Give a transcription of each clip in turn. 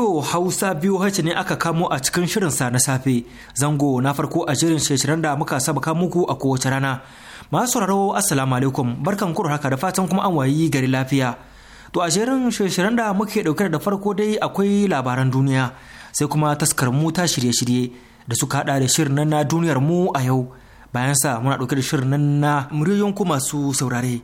Radio Hausa biyu hace ne aka kamo a cikin shirin sa na safe. Zango na farko a shirin shirin da muka saba muku a kowace rana. Masu sauraro Assalamu alaikum barkan kudu haka da fatan kuma an wayi gari lafiya. To a shirin shirin da muke dauke da farko dai akwai labaran duniya sai kuma taskar mu ta shirye-shirye da suka hada da shirin na duniyar mu a yau. Bayan sa muna dauke da shirin na muryoyin ku masu saurare.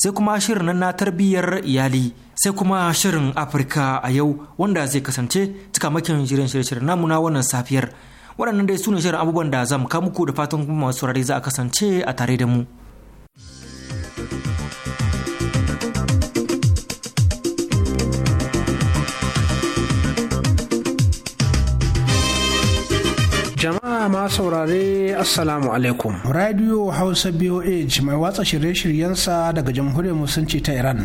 Sai kuma shirin na tarbiyyar iyali. sai kuma shirin afirka a yau wanda zai kasance cikamakin shirin shirye-shiryen namuna wannan safiyar waɗannan dai su ne shirin abubuwan da za mu kawo muku da fatan kuma masu saurari za a kasance a tare da mu jama'a ma saurare assalamu alaikum radio hausa boh mai watsa shirye-shiryensa daga jamhuriyar musulunci ta iran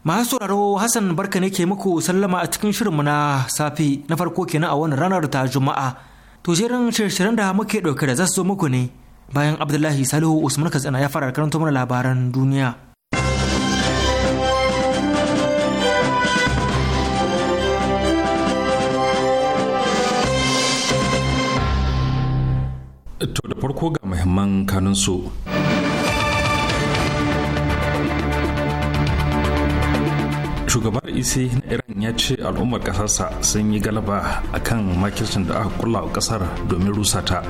Masu sauraro Hassan barka ne ke muku sallama a cikin shirinmu na safe na farko kenan a wani ranar ta Juma'a. To jerin shirye-shiryen da muke ɗauke da zasu zo muku ne bayan Abdullahi Salihu Usman Katsina ya fara karanta mana labaran duniya. To da farko ga muhimman kanunsu. shugaban isi na iran ya ce al'ummar kasarsa sun yi galaba a kan makircin da aka kula a kasar domin rusa ta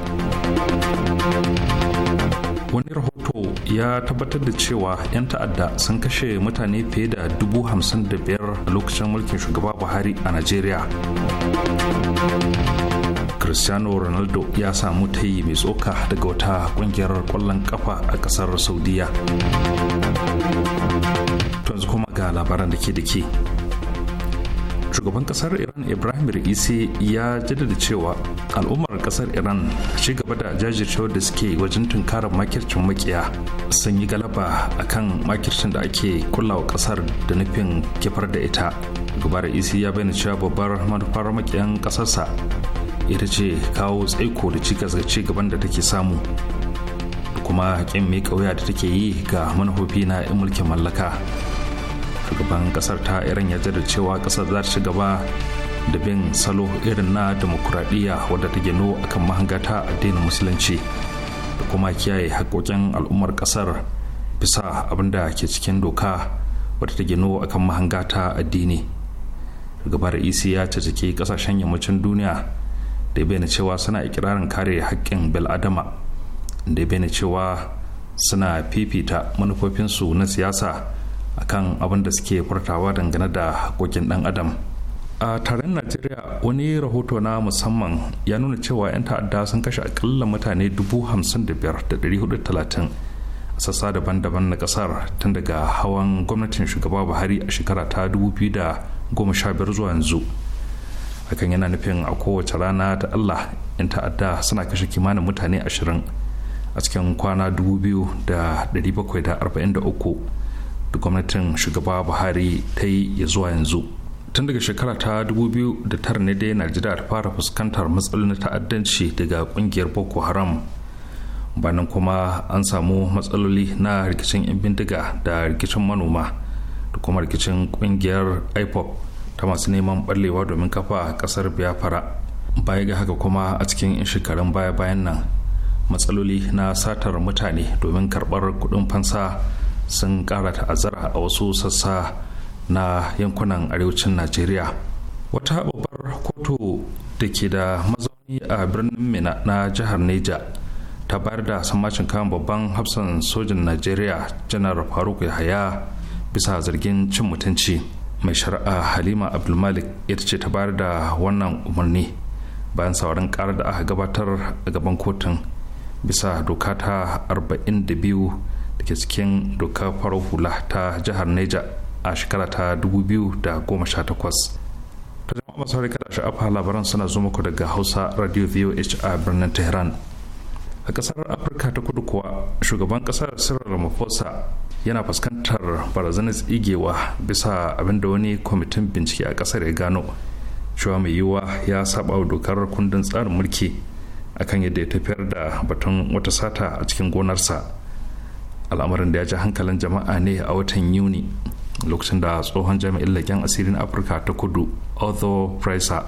wani rahoto ya tabbatar da cewa 'yan ta'adda sun kashe mutane fiye da dubu hamsin da biyar a lokacin mulkin shugaba buhari a najeriya cristiano ronaldo ya samu tayi mai tsoka daga wata kungiyar kwallon kafa a kasar saudiya labaran da ke da ke shugaban kasar iran ibrahim Isi ya jaddada cewa al'ummar kasar iran ci gaba da jajircewar da suke wajen tunkarar makircin makiya sun yi galaba akan makircin da ake kullawa kasar da nufin kifar da ita gubar isi ya bayyana cewa babbar manufar makiyan kasarsa ita ce kawo tsaiko da cikas ga ci gaban da take samu kuma hakin mai kauya da take yi ga manufofi na 'yan mulkin mallaka shugaban kasar ta irin ya da cewa kasar za ta gaba da bin salo irin na demokuraɗiyya wadda ta gino kan mahanga ta addinin musulunci da kuma kiyaye haƙoƙin al'ummar kasar bisa abin da ke cikin doka wadda ta gino akan mahanga ta addini gabar isi ya caciki kasashen yammacin duniya da bayyana cewa suna ikirarin kare haƙƙin bil'adama da bayyana cewa suna fifita manufofinsu na siyasa kan abin da suke furtawa dangane da haƙoƙin ɗan adam a taron najeriya wani rahoto na musamman ya nuna cewa 'yan ta'adda sun kashe akalla mutane 55,430 a sassa daban-daban na kasar tun daga hawan gwamnatin shugaba buhari a shekara ta 2015 zuwa yanzu hakan yana nufin a kowace rana ta allah 'yan ta'adda suna kashe kimanin mutane 20 a cikin kwana 2,743 da gwamnatin shugaba buhari ta yi ya zuwa yanzu tun daga shekara ta 2009 ne dai najeriya ta fara fuskantar matsalolin ta'addanci daga kungiyar boko haram banan kuma an samu matsaloli na rikicin 'yan bindiga da rikicin manoma da kuma rikicin kungiyar ipop ta masu neman ɓallewa domin kafa kasar biafra baya ga haka kuma a cikin 'yan shekarun baya-bayan nan matsaloli na satar mutane domin karbar kudin fansa sun ƙara ta'azzara a wasu sassa na yankunan arewacin najeriya wata babbar kotu da ke da mazauni a birnin mina na jihar neja ta bayar da samacin kan babban hafsan sojin najeriya janar faruk yahaya bisa zargin cin mutunci mai shari'a halima abdulmalik ita ce ta bayar da wannan umarni bayan sauran karar da aka gabatar a gaban kotun bisa doka ta 42 da ke cikin doka farar hula ta jihar neja a shekara ta 2018 ta jama'a masu harika da sha'afa labaran suna zo muku daga hausa radio voh a birnin tehran a kasar afirka ta kudu kuwa shugaban kasar sirri ramaphosa yana fuskantar barazanar tsigewa bisa abinda wani kwamitin bincike a kasar ya gano cewa mai yiwuwa ya saba wa dokar kundin tsarin mulki akan yadda ya tafiyar da batun wata sata a cikin gonarsa al'amarin da ya ji hankalin jama'a ne a watan yuni lokacin da tsohon jami'in leƙen asirin afirka ta kudu arthur pricer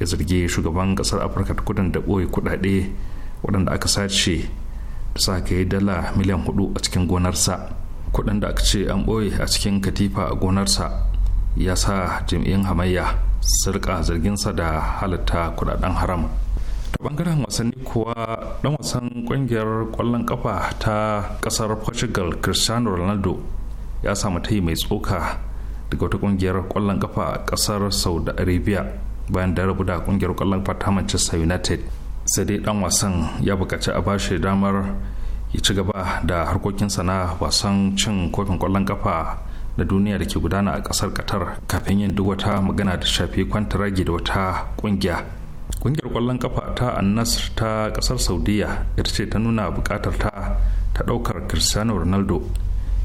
ya zargi shugaban ƙasar afirka ta kudin da ɓoye kuɗaɗe waɗanda aka sace da sa yi dala miliyan hudu a cikin gonarsa kuɗin da aka ce an ɓoye a cikin katifa a gonarsa ya sa jami'in hamayya su rika zarginsa da halatta kuɗaɗen haram ta bangaren wasanni kuwa dan wasan kungiyar kwallon kafa ta kasar portugal cristiano ronaldo ya samu tayi mai tsoka daga wata kungiyar kwallon kafa kasar saudi arabia bayan da rabu da kungiyar kwallon kafa ta manchester united sai dai dan wasan ya bukaci a bashi damar ya ci gaba da harkokin sana wasan cin kofin kwallon kafa na duniya da ke gudana a kasar qatar kafin yin duk wata magana da shafi ragi da wata kungiya kungiyar kwallon kafa ta annasar ta kasar saudiya ita ce ta nuna bukatar ta ta daukar cristiano ronaldo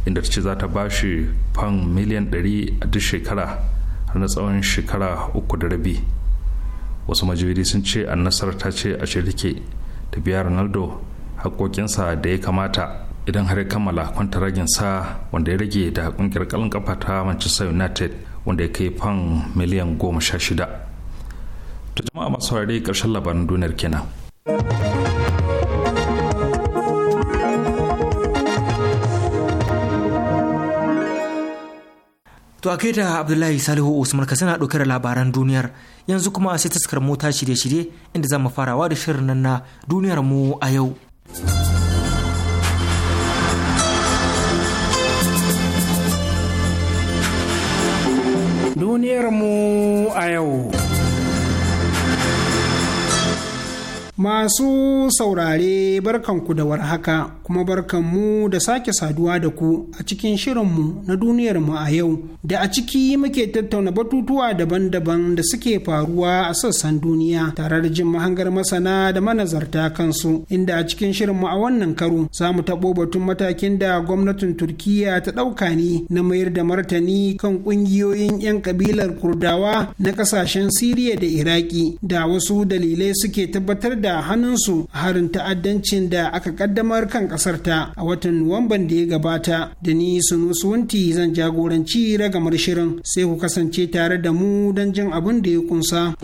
inda ta ce za ta bashi fan miliyan 100 a duk shekara har na tsawon shekara uku da rabi wasu majiyoyi sun ce annasar ta ce a shirike ta biya ronaldo hakokinsa da ya kamata idan har ya kammala kwantaragin sa wanda ya rage da kungiyar kwallon kafa ta manchester united wanda ya kai fan miliyan goma sha shida to jama'a masu saurare karshen labaran duniyar kenan To a da Abdullahi Salihu Usman ka sana ɗauke da labaran duniyar yanzu kuma sai taskar mota shirye-shirye inda za mu farawa da shirin nan na duniyar mu a yau. Duniyar mu a yau. Masu saurare barkanku da warhaka kuma barkanmu da sake saduwa da ku a cikin shirinmu na duniyarmu a yau da a ciki muke tattauna batutuwa daban-daban da suke faruwa a sassan duniya tare da jin mahangar masana da manazarta kansu inda a cikin shirinmu a wannan karo za mu taɓo batun matakin da gwamnatin Turkiyya ta ɗauka ne na mayar da martani kan ƙungiyoyin 'yan kabilar Kurdawa na ƙasashen Siriya da Iraki da wasu dalilai suke tabbatar da hannunsu a harin ta'addancin da aka kaddamar kan kasar a watan Nuwamban da ya gabata da ni sunu suwanti zan jagoranci ragamar shirin sai ku kasance tare da mu don jin abin da ya kunsa.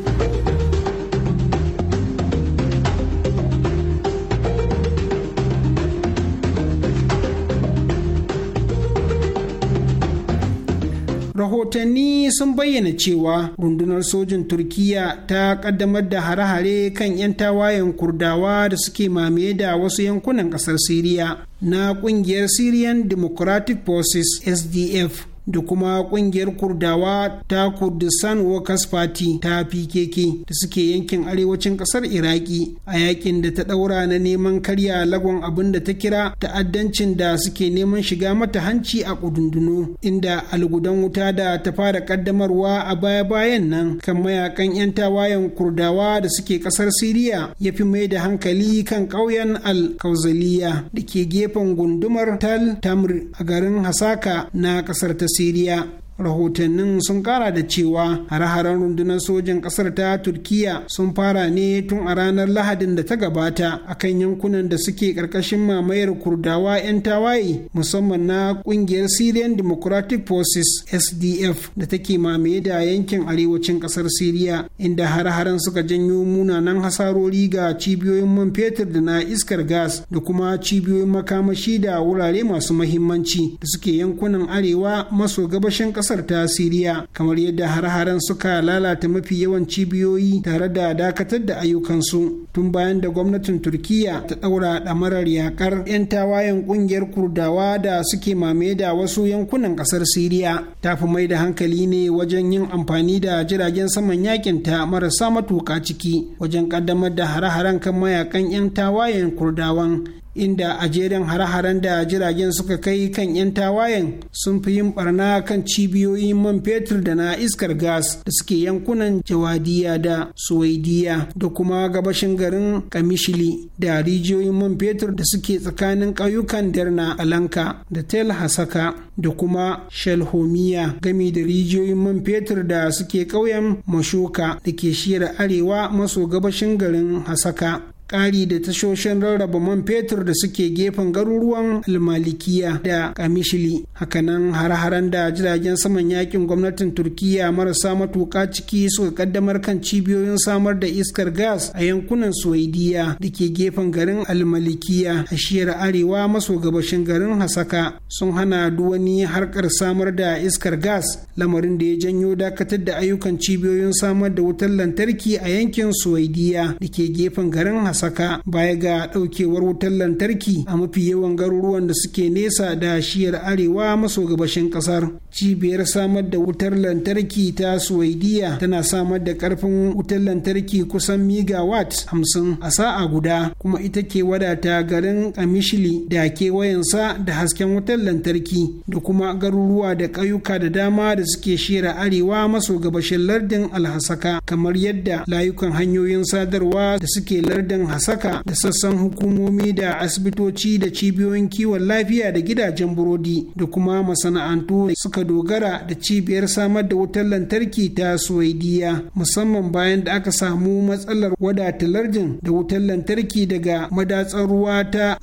rahotanni sun bayyana cewa rundunar sojin turkiya ta kaddamar da hare-hare kan 'yan tawayen kurdawa da suke mamaye da wasu yankunan kasar siriya na kungiyar syrian democratic forces sdf da kuma kungiyar kurdawa ta kurdistan workers party ta pkk da suke yankin arewacin kasar iraki a yakin da ta daura na neman karya lagon abin da ta kira ta'addancin da suke neman shiga mata hanci a kudundunu inda algudan wuta da ta fara kaddamarwa a baya-bayan nan kan mayakan 'yan tawayen kurdawa da suke kasar siriya ya fi mai da hankali kan ƙauyen al-kauzaliya da ke gefen gundumar tal tamr a garin hasaka na kasar ta siriya rahotannin sun kara da cewa hare-haren rundunar sojan kasar ta turkiya sun fara ne tun a ranar lahadin da ta gabata akan yankunan da suke karkashin mamayar kurdawa 'yan tawaye musamman na kungiyar syrian democratic forces sdf da take mamaye da yankin arewacin kasar syria inda hare-haren suka janyo munanan hasarori ga cibiyoyin man fetur da na iskar gas da kuma cibiyoyin makamashi da wurare masu mahimmanci da suke yankunan arewa maso gabashin kasar kasar ta siriya kamar yadda har-haren suka lalata mafi yawan cibiyoyi tare da dakatar da ayyukansu tun bayan da gwamnatin turkiya ta ɗaura ɗamarar yakar 'yan tawayen ƙungiyar kurdawa da suke mame da wasu yankunan ƙasar siriya ta fi mai da hankali ne wajen yin amfani da jiragen saman yakin ta marasa matuƙa ciki wajen ƙaddamar da hare-haren kan mayakan 'yan tawayen kurdawan inda a jerin hare-haren da jiragen suka kai kan 'yan tawayen sun fi yin barna kan cibiyoyin man fetur da na iskar gas da suke yankunan jawadiya da suwaidiya da kuma gabashin garin kamishili da rijiyoyin man fetur da suke tsakanin ƙauyukan derna alanka da tel hasaka da kuma shalhomiya gami da rijiyoyin man fetur da suke ƙauyen mashoka da ke shira arewa maso gabashin garin hasaka ƙari da tashoshin rarraba man fetur da suke gefen garuruwan almalikiya da kamishili hakanan har-haren da jiragen saman yakin gwamnatin turkiya marasa matuƙa ciki suka kaddamar kan cibiyoyin samar da iskar gas a yankunan Suwaidiya. da ke gefen garin almalikiya a shiyar arewa maso gabashin garin hasaka sun hana duwani harkar samar da iskar gas lamarin da ya janyo dakatar da ayyukan cibiyoyin samar da wutar lantarki a yankin Suwaidiya. da ke gefen garin hasaka saka baya ga daukewar wutar lantarki a mafi yawan garuruwan da suke nesa da shiyar arewa maso gabashin kasar cibiyar samar da wutar lantarki ta suwaidiya tana samar da karfin wutar lantarki kusan megawatt hamsin a sa'a guda kuma ita ke wadata garin kamishili da kewayensa da hasken wutar lantarki da kuma garuruwa da ƙauyuka da dama da suke shira arewa maso gabashin lardin alhasaka kamar yadda layukan hanyoyin sadarwa da suke lardin a saka da sassan hukumomi da asibitoci da cibiyoyin kiwon lafiya da gidajen burodi da kuma masana'antu da suka dogara da cibiyar samar da wutar lantarki ta suwaidiya musamman bayan da aka samu matsalar wadata lardin da wutar lantarki daga madatsar ruwa ta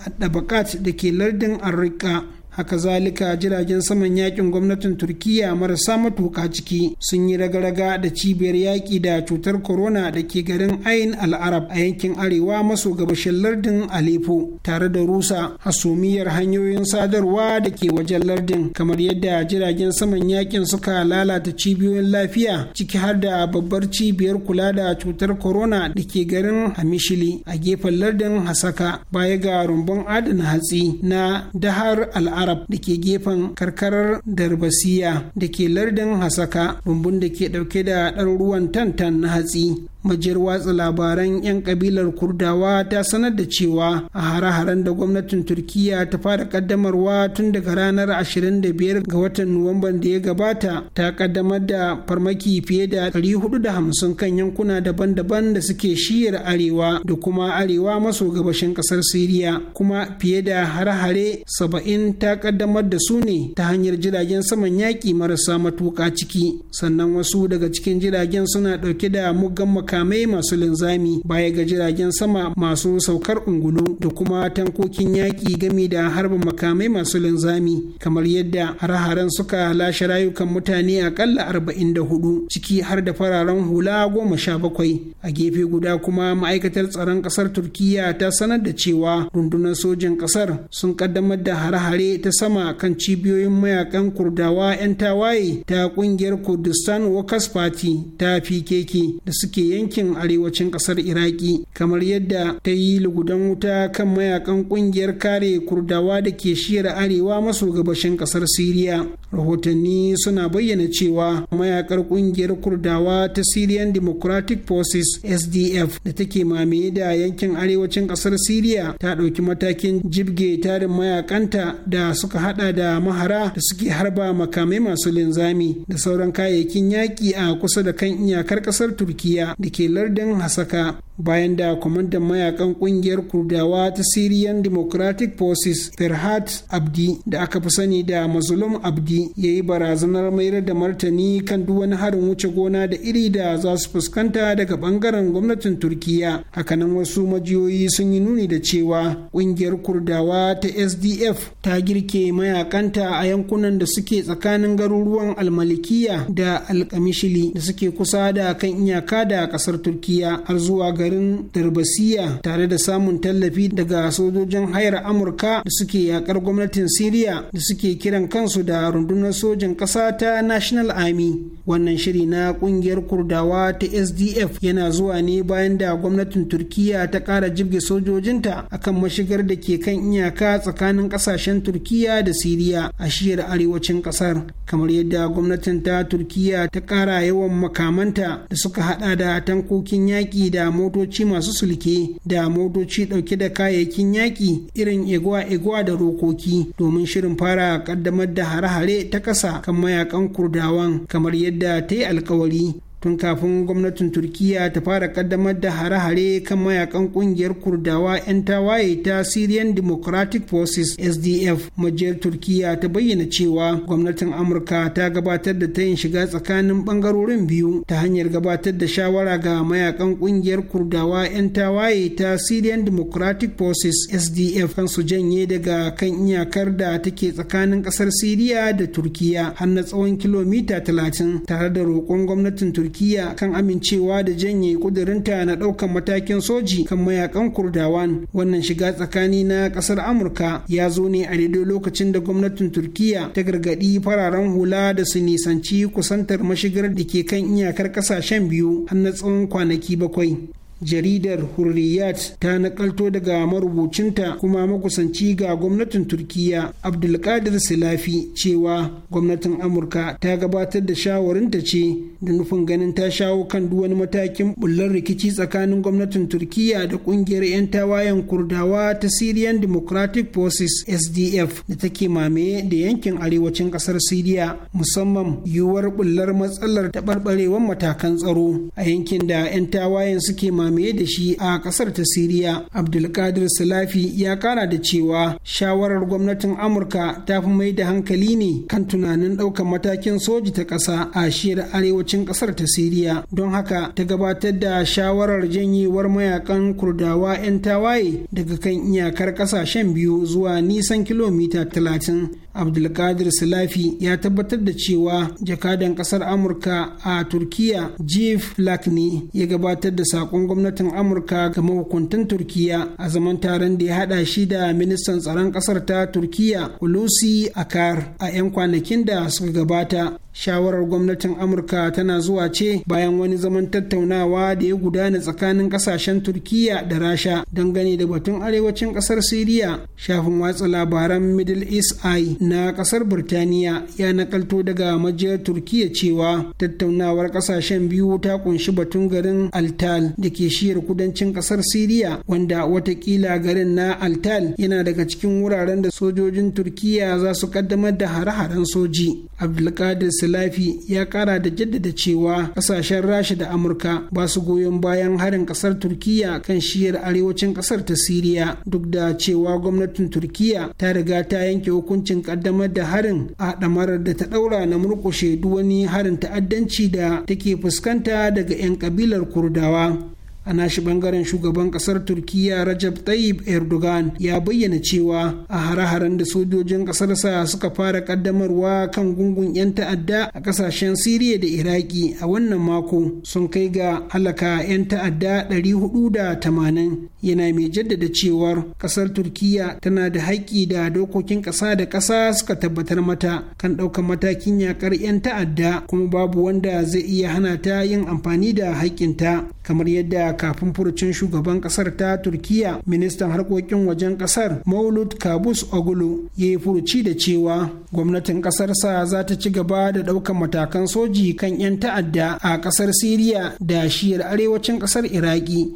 da ke lardin arrika haka zalika jiragen saman yakin gwamnatin turkiya marasa matuka ciki sun yi raga-raga da cibiyar yaƙi da cutar corona da ke garin ain al'arab a yankin arewa maso gabashin lardin aleppo tare da rusa hasumiyar hanyoyin sadarwa da ke wajen lardin kamar yadda jiragen saman yakin suka lalata cibiyoyin lafiya ciki har da babbar cibiyar kula da cutar corona da ke garin hamishili a gefen lardin hasaka baya ga rumbun adana hatsi na dahar al'arab arab da ke gefen karkarar darbasiya da ke lardin hasaka rumbun da ke dauke da ɗaruruwan tantan na hatsi majiyar watsa labaran 'yan kabilar kurdawa ta sanar da cewa a hare-haren da gwamnatin turkiya ta fara kaddamarwa tun daga ranar 25 ga watan nuwamban da ya gabata ta kaddamar da farmaki fiye da 450 kan yankuna daban-daban da suke shiyar arewa da kuma arewa maso gabashin kasar siriya kuma fiye da hare-hare 70 ta kaddamar da su ne ta hanyar jiragen saman yaƙi marasa matuƙa ciki sannan wasu daga cikin jiragen suna ɗauke da muggan makamai masu linzami baya ga jiragen sama masu saukar ungulu da kuma tankokin yaƙi game da harbin makamai masu linzami kamar yadda hare suka lashe rayukan mutane akalla arba'in da hudu ciki har da fararen hula goma sha bakwai a gefe guda kuma ma'aikatar tsaron ƙasar turkiya ta sanar da cewa rundunar sojin ƙasar sun kaddamar da hare ta sama kan cibiyoyin mayakan kurdawa 'yan tawaye ta ƙungiyar kurdistan workers party ta pkk da suke yanke yankin arewacin kasar iraki kamar yadda ta yi lugudan wuta kan mayakan kungiyar kare kurdawa da ke shiyar arewa maso gabashin kasar siriya rahotanni suna bayyana cewa mayakar kungiyar kurdawa ta syrian democratic forces sdf da take mame da yankin arewacin kasar siriya ta ɗauki matakin jibge tarin mayakanta da suka hada da mahara da suke harba makamai masu linzami da sauran kayayyakin yaƙi a kusa da kan iyakar kasar turkiya da ke lardin hasaka bayan da kwamandan mayakan kungiyar kurdawa ta syrian democratic forces ferhat abdi da aka fi sani da mazulum abdi ya yi barazanar mayar da martani kan duk wani harin wuce gona da iri da za su fuskanta daga bangaren gwamnatin turkiya hakanan wasu majiyoyi sun yi nuni da cewa kungiyar kurdawa ta sdf ta girke mayakanta a yankunan da suke tsakanin garuruwan almalikiya da alkamishili da suke kusa da kan iyaka da kasar turkiya har zuwa garin darbasiya tare da samun tallafi daga sojojin hayar amurka da suke yakar gwamnatin siriya da suke kiran kansu da rundunar sojin ƙasa ta national army wannan shiri na kungiyar kurdawa ta sdf yana zuwa ne bayan da gwamnatin turkiya ta ƙara jibge sojojinta akan mashigar da ke kan iyaka tsakanin ƙasashen turkiya da siriya a shiyar arewacin ƙasar kamar yadda gwamnatin ta turkiya ta ƙara yawan makamanta da suka hada da tankokin yaƙi da motoci masu sulke da motoci ɗauke da kayayyakin yaƙi irin egwa-egwa da rokoki domin shirin fara kaddamar da hare-hare ta ƙasa kan mayakan kurdawan kamar yadda ta yi alkawari tun kafin gwamnatin turkiya ta fara kaddamar da hare-hare kan mayakan kungiyar kurdawa 'yan tawaye ta syrian democratic forces sdf majiyar turkiya ta bayyana cewa gwamnatin amurka ta gabatar da ta tayin shiga tsakanin bangarorin biyu ta hanyar gabatar da shawara ga mayakan kungiyar kurdawa 'yan tawaye ta syrian democratic forces sdf kan su janye daga kan iyakar da take tsakanin kasar syria da turkiya har na tsawon kilomita 30 tare da roƙon gwamnatin turkiya turkiya kan amincewa da janye ƙudurinta na ɗaukan matakin soji kan mayakan kurdawan wannan shiga tsakani na ƙasar amurka ya zo ne a daidai lokacin da gwamnatin turkiya ta gargaɗi fararen hula da su nisanci kusantar mashigar da ke kan iyakar ƙasashen biyu har na tsawon kwanaki bakwai jaridar hurriyat ta nakalto daga marubucinta kuma makusanci ga gwamnatin turkiyya abdulkadir silafi cewa gwamnatin amurka ta gabatar da shawarinta ce da nufin ganin ta shawo kan duk wani matakin bullar rikici tsakanin gwamnatin turkiyya da kungiyar 'yan tawayen kurdawa ta syrian democratic forces sdf da take mamaye da yankin arewacin kasar syria musamman yiwuwar bullar matsalar taɓarɓarewar matakan tsaro a yankin da 'yan tawayen suke mamaye da shi a kasar ta siriya abdulkadir salafi ya kara da cewa shawarar gwamnatin amurka ta fi mai da hankali ne kan tunanin ɗaukar matakin soji ta ƙasa a shiyar arewacin ƙasar ta siriya don haka ta gabatar da shawarar janyewar mayakan kurdawa 'yan tawaye daga kan iyakar ƙasashen biyu zuwa nisan kilomita talatin abdulkadir salafi ya tabbatar da cewa jakadan kasar amurka a turkiya jeff lakni ya gabatar da sakon gwamnatin amurka ga mahukuntan turkiya a zaman taron da ya hada shi da ministan tsaron kasar ta turkiya ulusi akar a 'yan kwanakin da suka gabata shawarar gwamnatin amurka tana zuwa ce bayan wani zaman tattaunawa da ya gudana tsakanin kasashen turkiya da rasha dangane da batun arewacin kasar siriya shafin watsa labaran middle east eye na kasar birtaniya ya nakalto daga majiyar turkiya cewa tattaunawar kasashen biyu ta kunshi batun garin altal da ke shiyar kudancin kasar siriya wanda watakila garin na altal yana daga cikin wuraren da sojojin turkiya za su kaddamar da hare-haren soji abdulkadir islafi ya kara da jaddada cewa kasashen rasha da amurka ba su goyon bayan harin kasar turkiya kan shiyar arewacin kasar ta siriya duk da cewa gwamnatin turkiya ta riga ta yanke hukuncin kaddamar da harin a ɗamarar da ta ɗaura na murƙushe wani harin ta'addanci da take fuskanta daga 'yan kabilar kurdawa a nashi bangaren shugaban kasar turkiya rajab tayyip erdogan ya bayyana cewa a hare-haren da sojojin kasarsa suka fara kaddamarwa kan gungun 'yan ta'adda a kasashen siriya da iraki a wannan mako sun kai ga halaka 'yan ta'adda 480 yana mai jaddada cewar kasar turkiya tana da haƙƙi da dokokin ƙasa da ƙasa suka tabbatar mata kan ɗaukar matakin yakar 'yan ta'adda kuma babu wanda zai iya hana ta yin amfani da haƙƙinta kamar yadda kafin furucin shugaban kasar ta turkiya ministan harkokin wajen kasar maulud kabus ogulu ya yi furuci da cewa gwamnatin kasarsa za ta ci gaba da ɗaukan matakan soji kan 'yan ta'adda a kasar siriya da shiyar arewacin kasar iraki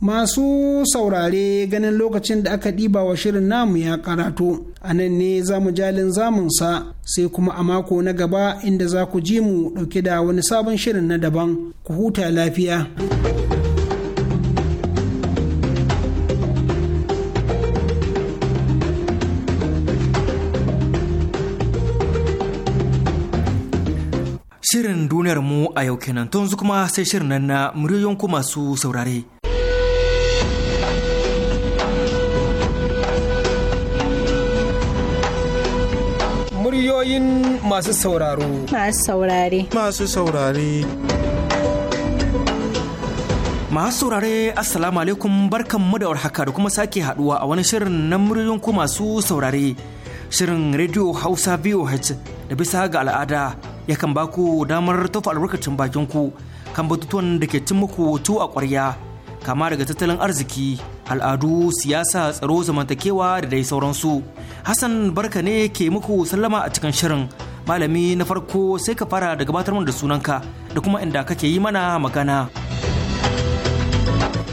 Masu saurare ganin lokacin da aka ɗiba wa shirin namu ya karatu a nan ne za mu jalin zamunsa sai kuma a mako na gaba inda za ku ji mu ɗauke da wani sabon shirin na daban, ku huta lafiya. Shirin duniyar mu a yau kenan to yanzu kuma sai shirin nan na muryoyin ku masu saurare. Muryoyin masu sauraro. Masu saurare. Masu saurare. Masu saurare Assalamu alaikum barkanmu da warhaka da kuma sake haduwa a wani shirin na muryoyin ku masu saurare. Shirin Radio Hausa VOH da bisa ga al'ada yakan ba ku damar tofa albarkacin bakin ku kan batutuwan da ke cin muku tu a ƙwarya kama daga tattalin arziki al'adu siyasa tsaro zamantakewa da dai sauransu hassan barka ne ke muku sallama a cikin shirin malami na farko sai ka fara da gabatar da sunanka da kuma inda kake yi mana magana.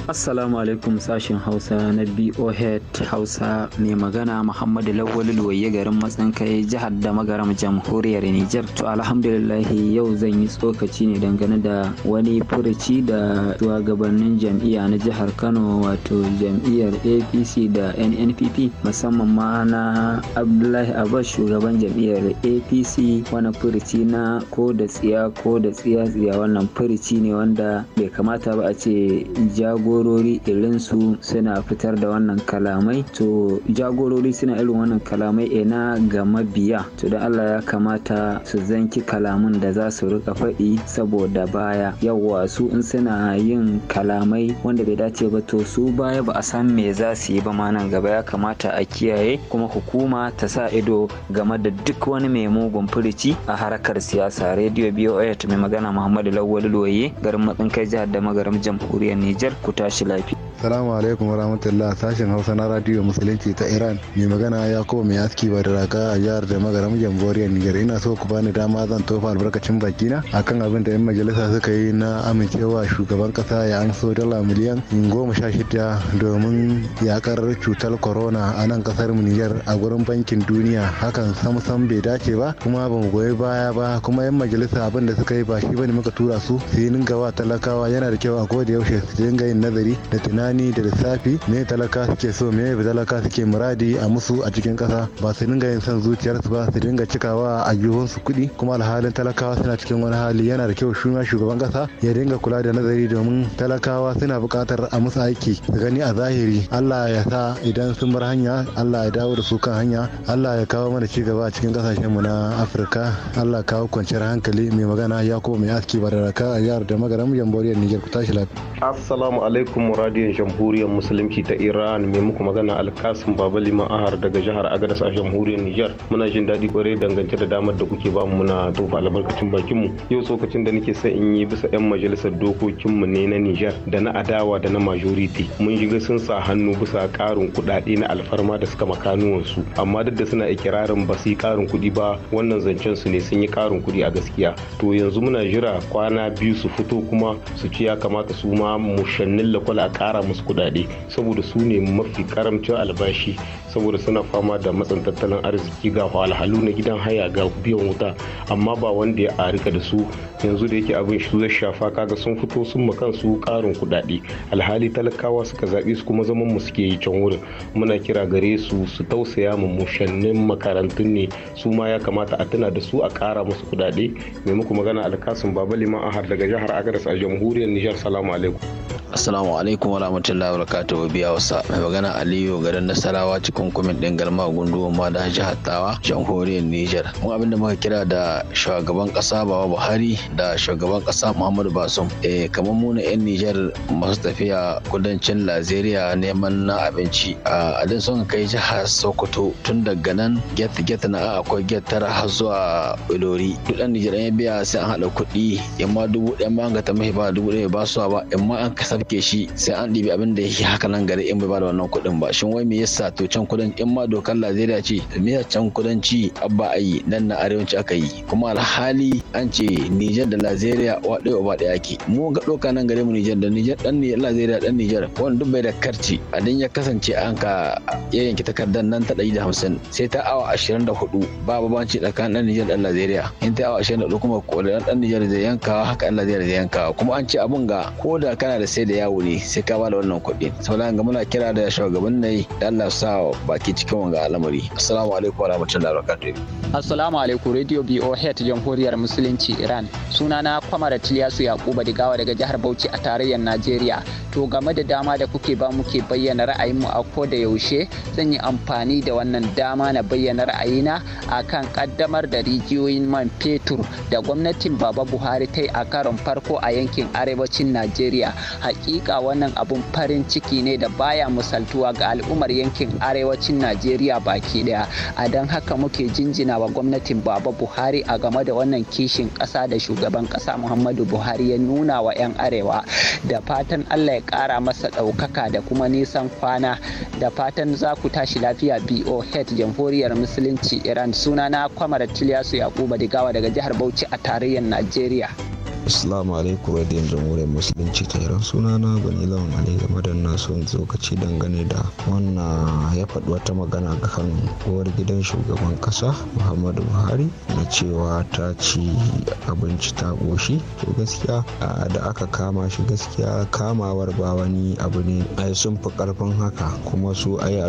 Assalamu alaikum sashen Hausa na BOHET Hausa mai magana Muhammadu Lawal Luwaye garin matsan kai jihar da magaram jamhuriyar Nijar. To alhamdulillah yau zan yi tsokaci ne dangane da wani furuci da shugabannin jam'iyya na jihar Kano wato jam'iyyar APC da NNPP musamman ma na Abdullahi Abbas shugaban jam'iyyar APC wani furuci na ko da tsiya ko da tsiya tsiya wannan furuci ne wanda bai kamata ba a ce jago jagorori irin su suna fitar da wannan kalamai to jagorori suna irin wannan kalamai ina eh, ga mabiya to da Allah ya kamata su zanki kalamun da za su rika faɗi saboda baya yawwa su in suna yin kalamai wanda bai dace ba to su baya ba a san me za su yi ba ma nan gaba ya kamata a kiyaye kuma hukuma ta sa ido game da duk wani mai mugun furici a harkar siyasa radio biyo ta mai magana Muhammadu Lawal Loye garin matsin kai jihar da magaram jamhuriyar Nijar kuta tashi lafiya Salamu alaikum rahmatullah sashen Hausa na Radio Musulunci ta Iran. Mai magana ya kuma mai aski ba da raka a jihar da magaram jamhuriyar Nijar. Ina so ku bani dama zan tofa albarkacin baki bakina akan abin da 'yan majalisa suka yi na amincewa shugaban kasa ya so dala miliyan goma sha shida domin yakar cutar corona a nan kasar mu Nijar a gurin bankin duniya. Hakan sam sam bai dace ba kuma ba mu goyi baya ba kuma 'yan majalisa abin da suka yi ba shi bane muka tura su su yi wa talakawa yana da kyau a koda yaushe su dinga yin nazari da tunani rani da lissafi me talaka suke so me talaka suke muradi a musu a cikin kasa ba su dinga yin son zuciyarsu ba su dinga cikawa a su kuɗi kuma alhalin talakawa suna cikin wani hali yana da kyau shuma shugaban kasa ya dinga kula da nazari domin talakawa suna buƙatar a musu aiki su gani a zahiri Allah ya sa idan sun bar hanya Allah ya dawo da su kan hanya Allah ya kawo mana ci gaba a cikin mu na Afirka Allah kawo kwanciyar hankali mai magana ya ko mai aski bararaka a yar da magaram jamhuriyar niger ku tashi lafiya. Assalamu alaikum radiyon jamhuriyar musulunci ta iran mai muku magana alkasim babali ma'ahar daga jihar agadas a jamhuriyar nijar muna jin daɗi kwarai dangance da damar da kuke bamu muna tofa albarkacin bakin mu yau tsokacin da nake sa in yi bisa yan majalisar dokokinmu ne na nijar da na adawa da na majority mun shiga sun sa hannu bisa ƙarin kuɗaɗe na alfarma da suka makanuwansu amma duk da suna ikirarin ba su yi ƙarin kuɗi ba wannan zancen su ne sun yi ƙarin kuɗi a gaskiya to yanzu muna jira kwana biyu su fito kuma su ce ya kamata su ma shannin lakwal a ƙara musu kudade saboda su ne mafi karamcin albashi saboda suna fama da matsan tattalin arziki ga halhalu na gidan haya ga biyan wuta amma ba wanda ya arika da su yanzu da yake abin shi zai shafa kaga sun fito sun ma kansu karin kudade alhali talakawa suka zaɓi su kuma zaman mu suke yi can wurin muna kira gare su su tausaya mu mushannin makarantun ne su ma ya kamata a tuna da su a kara musu kuɗaɗe muku magana alkasin baba liman ahar daga jihar agadas a jamhuriyar nijar salamu alaikum Assalamu alaikum wa rahmatullahi wa wa biya wasa mai magana Aliyu garin Nasarawa cikin kumin din Galma Gunduwa ma da jihar Tawa jamhuriyar Niger. Mun abin da muka kira da shugaban kasa Baba Buhari da shugaban kasa Muhammadu Basum. Eh kamar mu na yan Niger masu tafiya kudancin Najeriya neman na abinci a adin sun kai jihar Sokoto tun daga nan get get na akwai get tara har zuwa Ilori. Duk dan Niger ya biya sai an hada kuɗi yamma dubu ɗaya ma an ga ta mahi ba dubu ɗaya ba su ba yamma an ɗauke shi sai an ɗibi abin da yake haka nan gari in bai ba da wannan kuɗin ba shin wai me yasa to can kudan in ma dokar Najeriya ce me yasa can kudanci abba ayi nan na arewaci aka yi kuma alhali an ce Nijar da Najeriya wa ɗaya ba ɗaya ake mu ga doka nan gare mu Nijar da Nijar dan Nijar Najeriya dan Nijar wanda duk bai da karci a din ya kasance an ka ya takardar nan ta 150 da hamsin sai ta awa ashirin da ba babanci tsakanin dan Nijar da Najeriya in ta awa ashirin da kuma ko dan Nijar zai yanka haka ɗan Najeriya zai yanka kuma an ce abun ga ko da kana da sai da da yawo ne sai ka ba da wannan kuɗin saboda da muna kira da shugaban ne da Allah sa baki cikin wanga al'amari assalamu alaikum wa rahmatullahi wa barakatuh assalamu alaikum radio BOH jamhuriyar musulunci Iran sunana Kwamara Tiliyasu Yakuba Digawa daga jihar Bauchi a tarayyar Najeriya to game da dama da kuke ba ke bayyana ra'ayin mu a ko da yaushe zan yi amfani da wannan dama na bayyana ra'ayina kan kaddamar da rijiyoyin man fetur da gwamnatin Baba Buhari ta yi a karon farko a yankin arewacin Najeriya hakika wannan abun farin ciki ne da baya musaltuwa ga al'ummar yankin arewacin najeriya baki daya a don haka muke jinjina wa gwamnatin baba buhari a game da wannan kishin ƙasa da shugaban ƙasa muhammadu buhari ya nuna wa 'yan arewa da fatan allah ya kara masa ɗaukaka da kuma nisan kwana da fatan za ku tashi lafiya boh Hed jamhuriyar musulunci iran sunana kwamar tiliyasu yakuba digawa daga jihar bauchi a tarayyar najeriya Assalamu alaikum radiyon jamhuriyar musulunci ta iran suna na bani lawan ali game da na son tsokaci dangane da wannan ya faɗi wata magana ga kan uwar gidan shugaban ƙasa muhammadu buhari na cewa ta ci abinci ta ƙoshi to gaskiya da aka kama shi gaskiya kamawar ba wani abu ne ai sun fi ƙarfin haka kuma su ai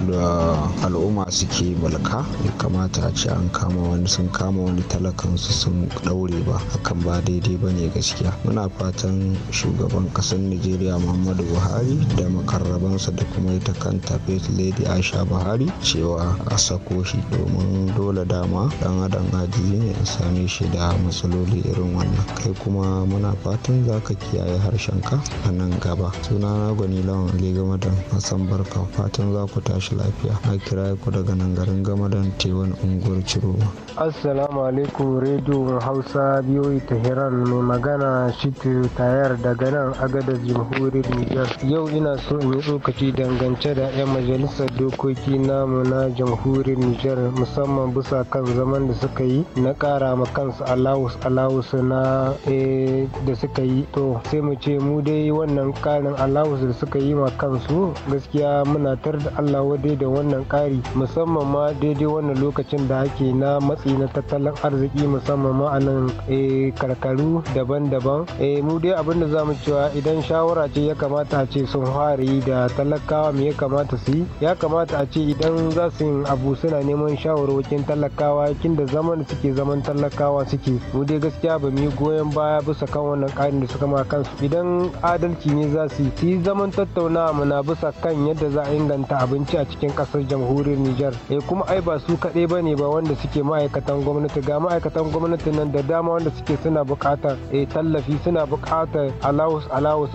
al'umma suke mulka ya kamata a ce an kama wani sun kama wani talakansu sun ɗaure ba hakan ba daidai ba ne gaskiya gaskiya muna fatan shugaban kasar nigeria muhammadu buhari da makarrabansa da kuma ita kanta first lady aisha buhari cewa a sako shi domin dole dama dan adam ajiye ne a same shi da matsaloli irin wannan kai kuma muna fatan za ka kiyaye harshenka a nan gaba suna na gwani lawan ali gamadan hassan barka fatan za ku tashi lafiya a kira ku daga nan garin gamadan tewan unguwar ciroma assalamu alaikum radio hausa biyoyi e ta mai magana yana shitu tayar daga nan agadar jamhuriyar Nijar. Yau ina so in yi tsokaci dangance da 'yan majalisar dokoki namu na jamhuriyar Nijar musamman bisa kan zaman da suka yi na kara ma kansu alawus alawus na eh, da suka yi to sai mu ce mu dai wannan karin alawus da suka yi ma kansu gaskiya muna tar da Allah wadai da wannan kari musamman ma daidai wannan lokacin da ake na matsi na tattalin arziki musamman ma a nan eh, karkaru daban daban-daban eh, mu dai abin da zamu cewa idan shawara ce ya kamata a ce sun fari da talakawa me ya kamata su yi ya kamata a ce idan za su yin abu suna neman shawarwakin talakawa yakin da zaman suke zaman talakawa suke mu dai gaskiya ba mu yi goyon baya bisa kan wannan ƙarin da suka ma kansu idan adalci ne za su yi zaman tattaunawa muna bisa kan yadda za a inganta abinci a cikin kasar jamhuriyar Nijar eh kuma ai ba su kaɗai ba ne ba wanda suke ma'aikatan gwamnati ga ma'aikatan gwamnati nan da dama wanda suke suna buƙatar eh, tallafi suna buƙatar alawus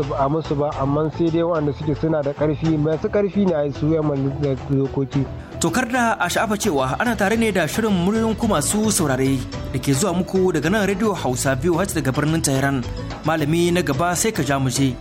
ba a musu ba amma sai dai waɗanda suke suna da ƙarfi masu ƙarfi ne a su da dokoki. tokar da a sha'afa cewa ana tare ne da shirin muryoyin ku masu saurare da ke zuwa muku daga nan rediyo hausa biyu hajji daga birnin tehran malami na gaba sai ka ja mu je.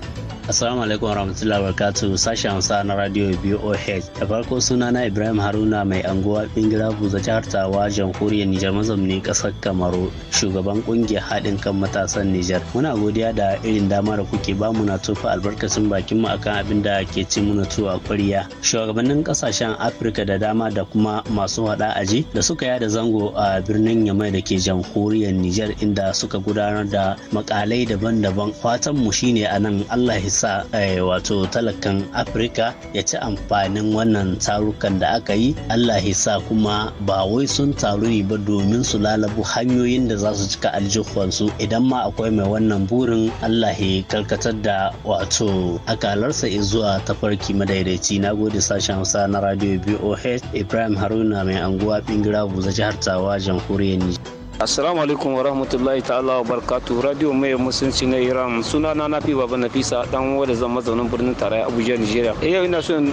Assalamu alaikum warahmatullahi wabarakatuh sashen Hausa na radio BOH. Da farko suna na Ibrahim Haruna mai anguwa Bingira Buza jihar Tawa jamhuriyar Nijar mazamni kasar Kamaru shugaban kungiyar haɗin kan matasan Nijar. Muna godiya da irin dama da kuke ba mu na tofa albarkacin bakin mu akan abin da ke ci mu tuwa kwariya. Shugabannin kasashen Afirka da dama da kuma masu haɗa aji da suka yada zango a birnin Yamai da ke jamhuriyar Nijar inda suka gudanar da makalai daban-daban. Fatan mu shine a nan Allah Eh, wato talakan afirka ya ci amfanin wannan tarukan da aka yi allah sa kuma ba wai sun taru ne ba domin su lalabu hanyoyin da za su cika aljihuwansu idan ma akwai mai wannan burin allah ya karkatar da wato akalarsa zuwa tafarki madaidaici na gode sashen hausa na radio boh ibrahim haruna mai anguwa bingira buza jihar tawa jamhuriyar nijar Assalamu alaikum wa rahmatullahi ta'ala wa barkatu radio mai musulunci na Iran suna na nafi baba nafisa dan wanda zan mazaunin birnin tarayya Abuja Nigeria. Eh yau ina so in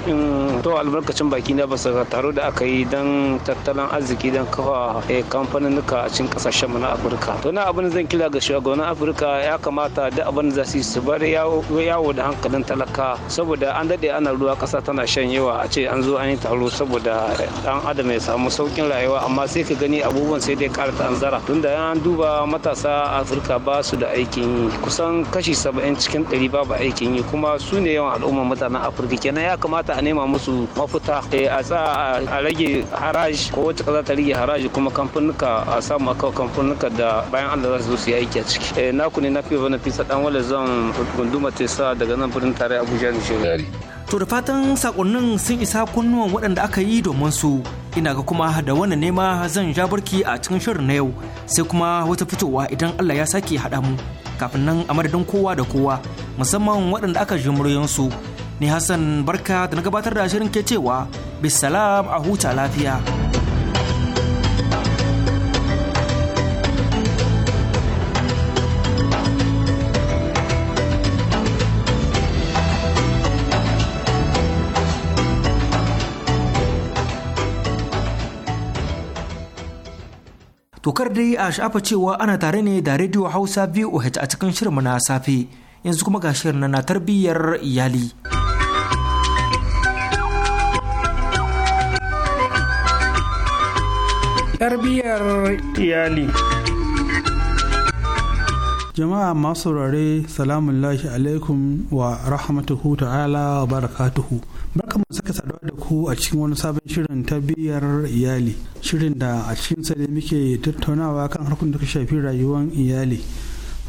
to albarkacin baki na basa taro da aka yi dan tattalin arziki dan kafa eh, nuka a cikin kasashen mu na Afirka. To na abin zan kila ga shugabannin Afirka ya kamata da abin za su su bar yawo da hankalin talaka saboda an dade ana ruwa kasa tana shan yawa a ce an zo an yi taro saboda dan adam ya samu saukin rayuwa amma sai ka gani abubuwan sai dai an zara ba tunda an duba matasa afirka ba su da aikin yi kusan kashi saba'in cikin ɗari babu aikin yi kuma su ne yawan al'ummar mutanen afirka kenan ya kamata a nema musu mafuta eh, a sa a rage haraji ko wata kaza ta rage haraji kuma kamfanuka a samu akawa kamfanuka da bayan allah za su zo su yi aiki a ciki eh, na ku ne na fiye bana fisa dan wale zan gunduma sa daga nan birnin tare abuja shi To da fatan sakonnin sun isa kunnuwan waɗanda aka yi domin su ina ga kuma da wani nema zan ja barki a cikin shirin na yau sai kuma wata fitowa idan Allah ya sake haɗa mu kafin nan a madadin kowa da kowa musamman waɗanda aka ji muryansu ni Hassan barka da na gabatar da shirin ke cewa bisalam a huta lafiya. tokar dai a sha'afa cewa ana tare ne da Radio Hausa VOH a cikin shirma na safe yanzu kuma ga shirin na tarbiyyar iyali. Tarbiyyar iyali. jama'a masu rare salamun lashi alaikum wa rahmatuhu ta'ala wa barakatuhu Barka mu saka saduwa da ku a cikin wani sabon shirin tarbiyyar iyali. Shirin da a cikin sa ne muke tattaunawa kan harkokin da ka shafi rayuwar iyali.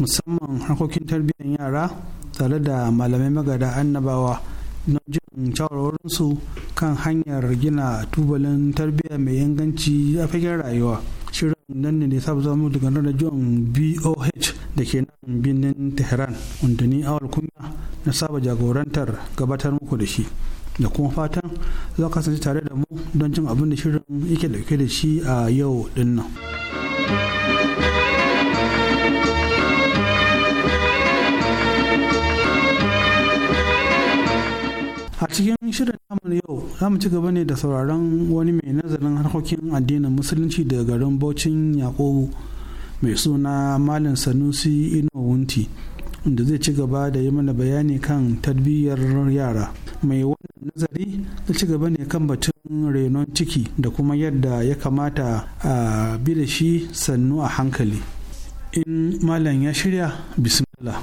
Musamman harkokin tarbiyyar yara tare da malamai magada annabawa na jin shawarwarinsu kan hanyar gina tubalin tarbiyya mai inganci a fagen rayuwa. Shirin nan ne sabu zama daga nan rajon BOH da ke nan birnin Tehran, wanda ni awal kunya na saba jagorantar gabatar muku da shi. da kuma fatan za ka kasance tare da mu don cin abin da shirin yake dauke da shi a yau din nan. a cikin shirin namun yau za mu ci gaba ne da sauraron wani mai nazarin harkokin addinin musulunci daga garin baucin yakubu mai suna malam sanusi ino wunti da zai ci gaba da yi mana bayani kan tarbiyyar yara mai wannan nazari da ci gaba ne kan batun renon ciki da kuma yadda ya kamata a bi da shi sannu a hankali in malam ya shirya bismillah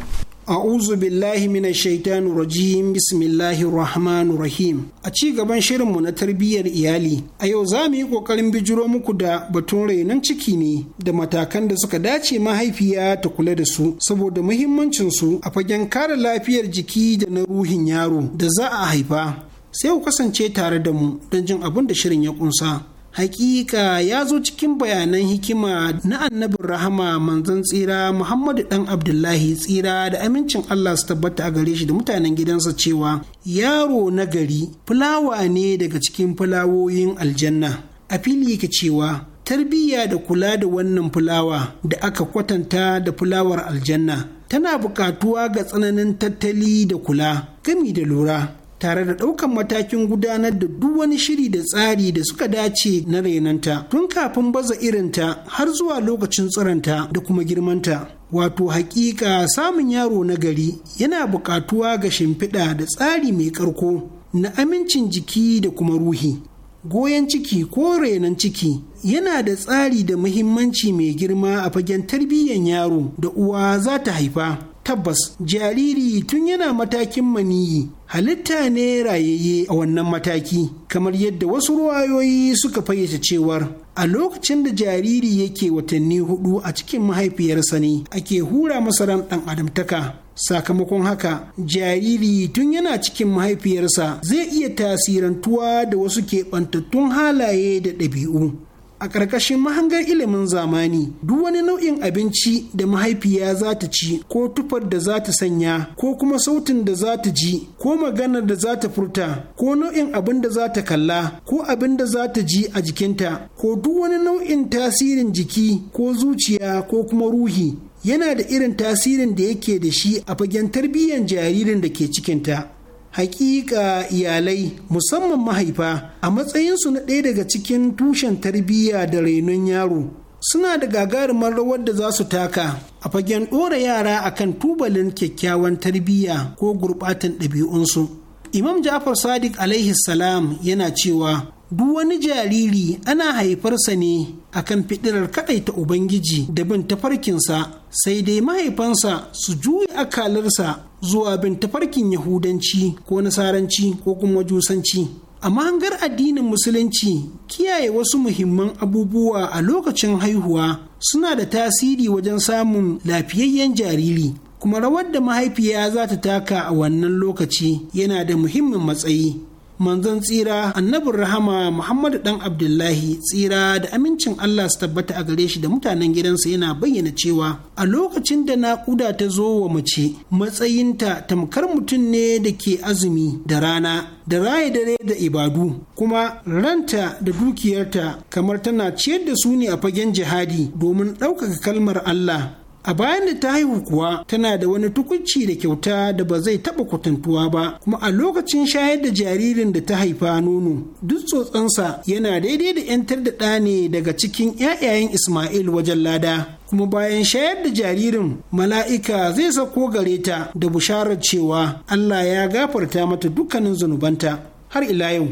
A'uzu billahi minash shaitani rajim bismillahir rahmanir rahim a ci gaban shirin mu na tarbiyyar iyali a yau za mu yi kokarin bijiro muku da batun rainon ciki ne da matakan da suka dace mahaifiya ta kula da su saboda muhimmancin su a fagen kare lafiyar jiki da na ruhin yaro da za a haifa sai ku kasance tare da mu don jin abin da shirin ya kunsa hakika ya zo cikin bayanan hikima na annabin rahama manzon tsira muhammadu dan abdullahi tsira da amincin allah su tabbata a gare shi da mutanen gidansa cewa yaro na gari fulawa ne daga cikin fulawoyin aljanna a fili yake cewa tarbiyya da kula da wannan fulawa da aka kwatanta da fulawar aljanna tana buƙatuwa ga tsananin tattali da kula gami da lura tare da ɗaukan matakin gudanar da duk wani shiri da tsari da suka dace na renanta tun kafin baza irinta har zuwa lokacin tsiranta da kuma girmanta wato hakika samun yaro na gari yana buƙatuwa ga shimfiɗa da tsari mai ƙarko na amincin jiki da kuma ruhi goyon ciki ko renon ciki yana da tsari da muhimmanci mai girma a fagen tarbiyyar yaro da uwa za ta haifa tabbas jariri tun yana matakin maniyi halitta ne rayayye a wannan mataki kamar yadda wasu ruwayoyi suka fayyace cewar a lokacin da jariri yake watanni hudu a cikin mahaifiyarsa ne ake hura masa ran dan adamtaka sakamakon haka jariri tun yana cikin mahaifiyarsa zai iya tasirantuwa da wasu keɓantattun halaye da ɗabi'u a ƙarƙashin mahangar ilimin zamani duk wani nau'in abinci da mahaifiya za ta ci ko tufar da za ta sanya ko kuma sautin da za ta ji ko maganar da za ta furta ko nau'in abin da za ta kalla ko abin da za ta ji a jikinta ko duk wani nau'in tasirin jiki ko zuciya ko kuma ruhi yana da irin tasirin da yake da shi a fagen tarbiyyar jaririn da ke cikinta hakika iyalai musamman mahaifa a matsayinsu na ɗaya daga cikin tushen tarbiyya da rainon yaro suna da gagarumar rawar da za su taka a fagen ɗora yara a kan tubalin kyakkyawan tarbiyya ko gurɓatan ɗabi'unsu imam jafar sadiq alaihi salam yana cewa Duk wani jariri ana haifarsa ne a akan fiɗirar kaɗaita Ubangiji da bin tafarkinsa, sai dai mahaifansa su juya akalarsa zuwa bin tafarkin Yahudanci ko Nasaranci ko kuma Jusanci. A mahangar addinin Musulunci, kiyaye wasu muhimman abubuwa a lokacin haihuwa suna da tasiri wajen samun lafiyayyen jariri. kuma rawar da mahaifiya za ta taka a wannan lokaci yana da muhimmin matsayi manzon tsira annabin rahama muhammadu dan abdullahi tsira da amincin allah su tabbata a gare shi da mutanen gidansa yana bayyana cewa a lokacin da naƙuda ta zo wa mace matsayinta tamkar mutum ne da ke azumi da rana da raye dare da ibadu kuma ranta da dukiyarta kamar tana ciyar da su ne a fagen jihadi domin ɗaukaka kalmar allah a bayan da ta haihu kuwa tana da wani tukunci da kyauta da ba zai taɓa kwatantuwa ba kuma a lokacin shayar da jaririn da ta haifa nono duk tsotsansa yana daidai da 'yantar da ɗa ne daga cikin 'ya'yayen isma'il wajen lada kuma bayan shayar da jaririn mala'ika zai sako gare ta da bisharar cewa allah ya gafarta mata dukkanin zunubanta har ila yau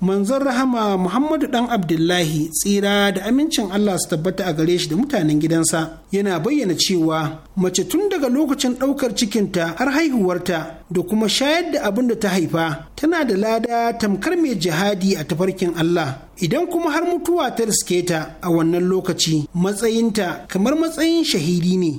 manzon rahama muhammadu dan abdullahi tsira da amincin allah su tabbata a gare shi da mutanen gidansa yana bayyana cewa mace tun daga lokacin ɗaukar cikinta har haihuwarta da kuma shayar da abin da ta haifa tana da lada tamkar mai jihadi a tafarkin allah idan kuma har mutuwa ta riske ta a wannan lokaci matsayinta kamar matsayin shahidi ne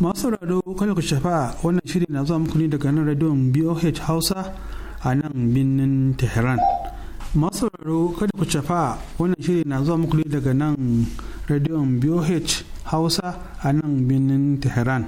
masu rado kada ku shafa wannan shiri na zuwa muku ne daga nan radiyon boh hausa a nan birnin tehran masu rado kada ku shafa wannan shiri na zuwa muku ne daga nan radiyon boh hausa a nan birnin tehran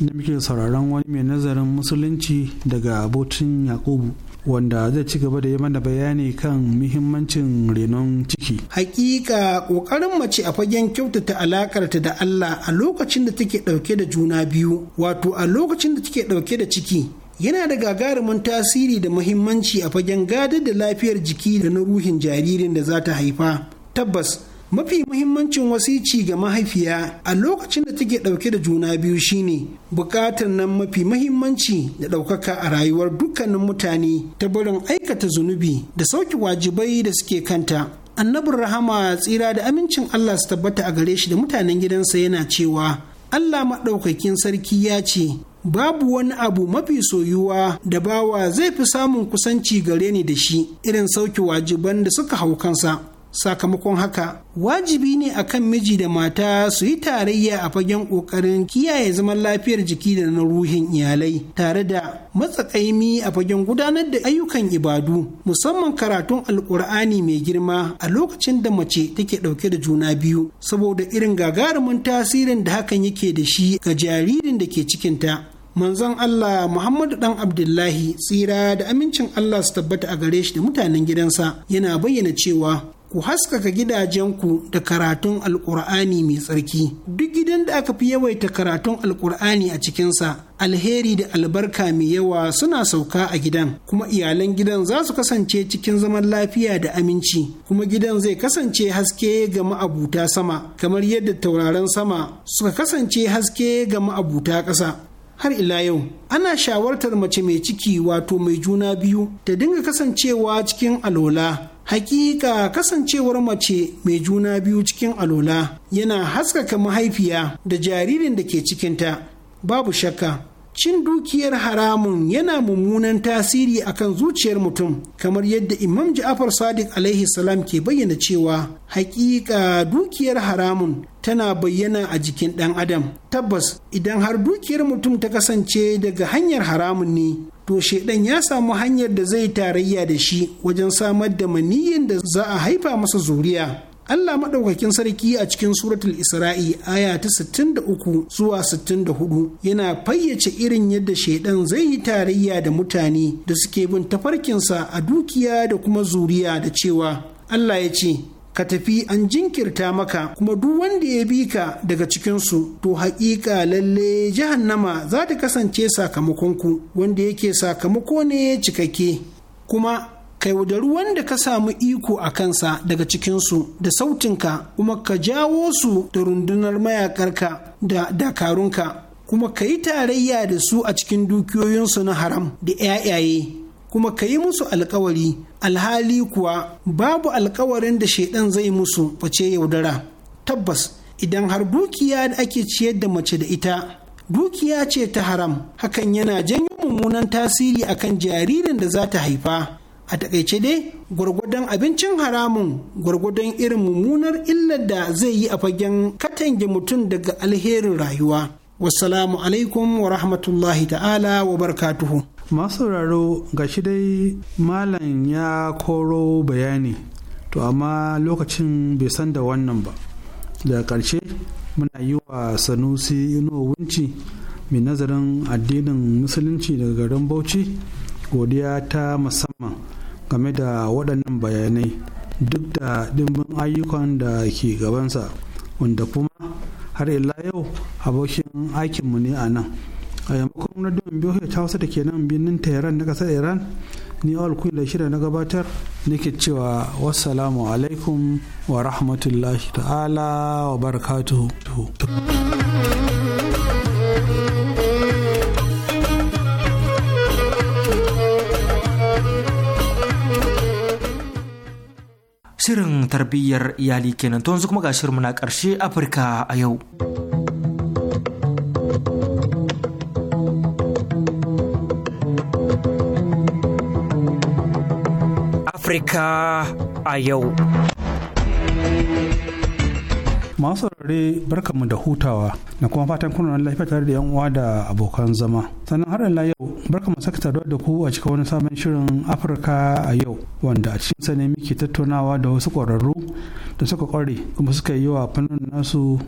da muke sauraron wani mai nazarin musulunci daga abotun yakubu wanda zai ci gaba da yi mana bayani kan muhimmancin renon ciki. Hakika ƙoƙarin mace a fagen kyautata ta da Allah a lokacin da take ɗauke da juna biyu, wato a lokacin da take ɗauke da ciki. Yana da gagarumin tasiri da muhimmanci a fagen gadar da lafiyar jiki da na ruhin jaririn da za ta haifa. Tabbas, mafi muhimmancin wasici ga mahaifiya a lokacin da take ɗauke da juna biyu shine bukatar nan mafi muhimmanci da ɗaukaka a rayuwar dukkanin mutane ta barin aikata zunubi da sauki wajibai da suke kanta annabin rahama tsira da amincin allah su tabbata a gare shi da mutanen gidansa yana cewa allah maɗaukakin sarki ya ce babu wani abu mafi soyuwa da bawa zai fi samun kusanci gare ni da shi irin sauki wajiban da suka hau kansa sakamakon haka wajibi ne a kan miji da mata su yi tarayya a fagen ƙoƙarin kiyaye zaman lafiyar jiki da na ruhin iyalai tare da matsakaimi a fagen gudanar da ayyukan ibadu musamman karatun alkur'ani mai girma a lokacin da mace take ɗauke da juna biyu saboda irin gagarumin tasirin da hakan yake da shi ga jaririn da ke cikinta manzon Allah Muhammadu dan Abdullahi tsira da amincin Allah su tabbata a gare shi da mutanen gidansa yana bayyana cewa ku haskaka gidajenku da karatun alkur'ani mai tsarki duk gidan da aka fi yawaita karatun alkur'ani a cikinsa alheri da albarka mai yawa suna sauka a gidan kuma iyalan gidan za su kasance cikin zaman lafiya da aminci kuma gidan zai kasance haske ga ma'abuta sama kamar yadda tauraron sama suka kasance haske ga ma'abuta ƙasa har ila yau ana shawartar mace mai ciki wato mai juna biyu ta dinga kasancewa cikin alola Hakika kasancewar mace mai juna biyu cikin alola yana haskaka mahaifiya da jaririn da ke cikinta babu shakka cin dukiyar haramun yana mummunan tasiri akan zuciyar mutum kamar yadda imam ja'afar sadiq alaihi salam ke bayyana cewa hakika dukiyar haramun tana bayyana a jikin ɗan adam tabbas idan har dukiyar mutum ta kasance daga hanyar haramun ne to shaidan ya samu hanyar da zai tarayya da shi wajen samar da maniyin da za a haifa masa zuriya Allah maɗaukakin sarki a cikin suratul Isra'i aya ta 63 zuwa 64 yana fayyace irin yadda shaidan zai yi tarayya da mutane da suke bin tafarkinsa a dukiya da kuma zuriya da cewa Allah ya ce ka tafi an jinkirta maka kuma duk wanda ya bi ka daga cikinsu to haƙiƙa lalle jahannama za ta kasance sakamakonku wanda yake sakamako ne cikakke kuma kai ruwan wanda ka samu iko a kansa daga cikinsu da sautinka kuma ka jawo su da rundunar mayakarka da dakarunka kuma ka yi tarayya da su a cikin dukiyoyinsu na haram da 'ya'yaye kuma ka yi musu alkawari alhali kuwa babu alkawarin da shaidan zai musu face yaudara tabbas idan har dukiya da ake ciyar da mace da ita dukiya ce ta haram hakan yana janyo mummunan tasiri akan jaririn da za ta haifa a takaice dai gwargwadon abincin haramun gwargwadon irin mummunar illar da zai yi a fagen katange mutum daga alherin rayuwa wassalamu alaikum wa rahmatullahi ta'ala wa barkatuhu. masu raro ga shi dai malam ya koro bayani to amma lokacin bai san da wannan ba da karshe muna yi wa sanusi ino wunci mai nazarin addinin musulunci daga garin bauchi godiya ta musamman game da waɗannan bayanai duk da ɗimbin ayyukan da ke gabansa wanda kuma har illa yau abokin aikinmu ne a nan a yamakon dubin biyu ta hausa da ke nan birnin tehran na ƙasar iran ni awal kuyi da shida na gabatar nake cewa wassalamu alaikum wa rahmatullahi ta'ala wa barakatuhu shirin tarbiyyar iyali kenan to yanzu kuma ga shirin muna ƙarshe afirka a yau afirka a yau masu saurare barkamu da hutawa na kuma fatan kuna lafiya tare da yan uwa da abokan zama sannan har ila yau barkamu saka saduwa da ku a cikin wani sabon shirin afirka a yau wanda a cikin sa ne muke tattaunawa da wasu ƙwararru da suka ƙware kuma suka yi wa fannin nasu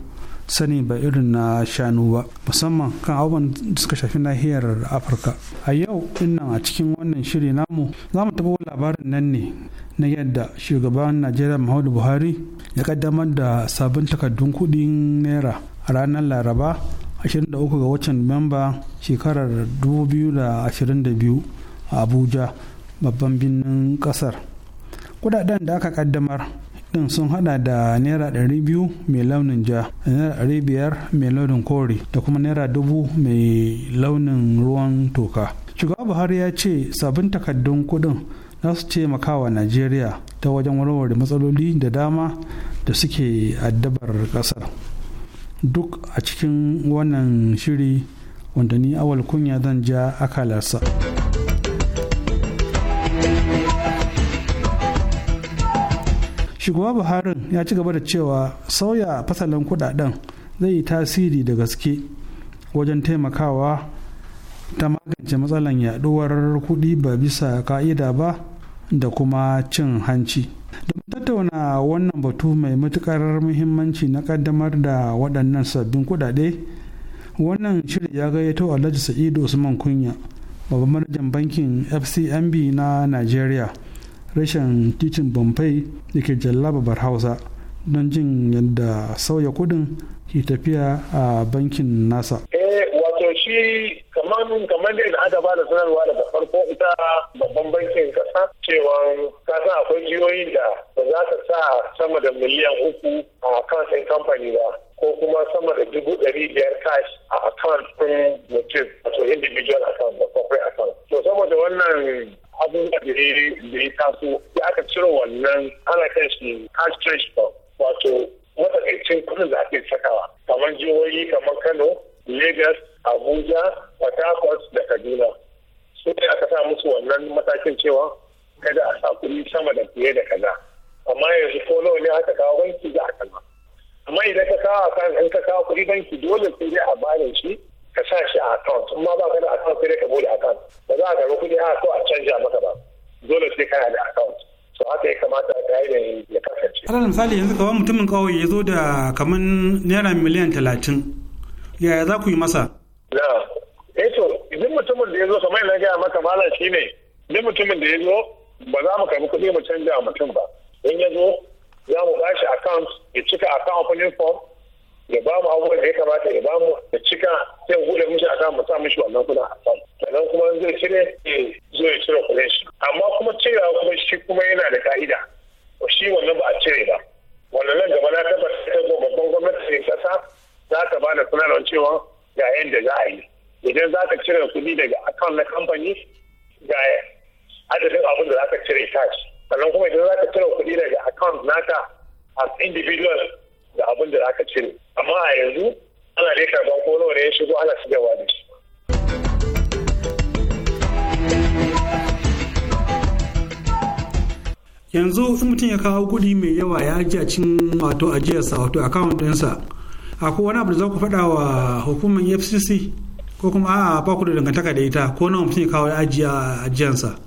sani ba irin na shanu ba musamman kan abubuwan da suka shafi nahiyar afirka a yau dinnan a cikin wannan shiri namu za mu taɓa labarin nan ne na yadda shugaban najeriya muhammadu buhari ya kaddamar da sabbin takardun kudin naira a ranar laraba 23 ga watan nuwamba shekarar 2022 a abuja babban birnin kasar kudaden da aka kaddamar din sun hada da naira 200 mai launin ja naira 500 mai launin kore da kuma naira dubu mai launin ruwan toka shugaban buhari ya ce sabbin takardun kudin za su taimaka wa najeriya ta wajen warware matsaloli da dama da suke addabar kasar duk a cikin wannan shiri wanda ni awal kunya zan ja akalarsa shugaba buharin ya ci gaba da cewa sauya fasalin kudaden zai yi tasiri da gaske wajen taimakawa ta magance matsalan yaduwar kuɗi ba bisa ka'ida ba da kuma cin hanci domin tattauna wannan batu mai matukar muhimmanci na kaddamar da waɗannan sabbin kuɗaɗe wannan shirin ya gayyato alhaji sa'idu usman kunya babban manajan bankin fcmb na nigeria rashin titin bombay da ke jalla babar hausa don jin yadda sauya kudin ke tafiya a bankin nasa. Eh, wato shi kamar kamar da in aka ba da sanarwa daga farko ita babban bankin kasa cewa kasa akwai jiyoyin da ba za ka sa sama da miliyan uku a kansin kamfani ba ko kuma sama da dubu ɗari biyar cash a account ɗin mutum wato individual account da corporate account to saboda wannan abubuwa da ya taso ya aka ciro wannan ana kan shi cash trash wato matsakaicin kudin da ake sakawa kamar jihohi kamar kano lagos abuja port da kaduna su ne aka sa musu wannan matakin cewa kada a sa kuɗi sama da fiye da kaza amma yanzu ko nawa ne aka kawo banki da a ma amma idan ka kawo akan in ka kawo kuɗi banki dole sai dai a bani shi ka sa shi a account in ma ba ka da account sai dai ka bude account ba za a karɓi kuɗi a ko a canja maka ba dole sai ka da account so haka ya kamata da ya kasance. alal misali yanzu kawai mutumin kawai ya zo da kaman naira miliyan talatin yaya za ku yi masa? na eto idan mutumin da ya zo kamar na gaya maka malam shi ne idan mutumin da ya zo ba za mu karbi kuɗi mu canja wa mutum ba in ya zo za mu ba account ya cika account opening form ya ba mu abubuwan da ya kamata ya ba mu ya cika sai mu buɗe mishi account mu sa mishi wannan kuɗin account sannan kuma zai cire kuɗi mai yawa ya ji a cin wato ajiyarsa wato account ɗinsa akwai wani abu da za ku faɗa wa hukumar fcc ko kuma a ba ku da dangantaka da ita ko nawa mutum ya kawo ajiya ajiyarsa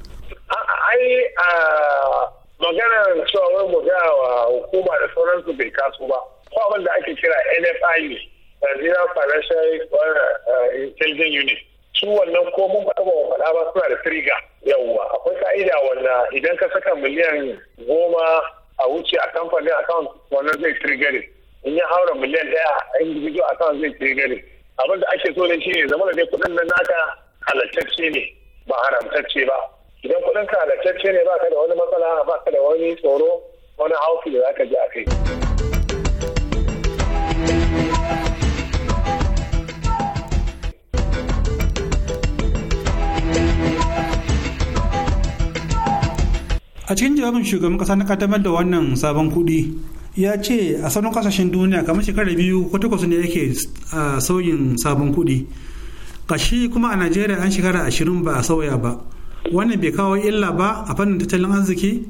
jawabin shugaban kasa na kaddamar da wannan sabon kuɗi ya ce a sauran kasashen duniya kamar shekara biyu ko takwas ne yake sauyin sabon kuɗi kashi kuma a najeriya an shekara ashirin ba a sauya ba wannan bai kawo illa ba a fannin tattalin arziki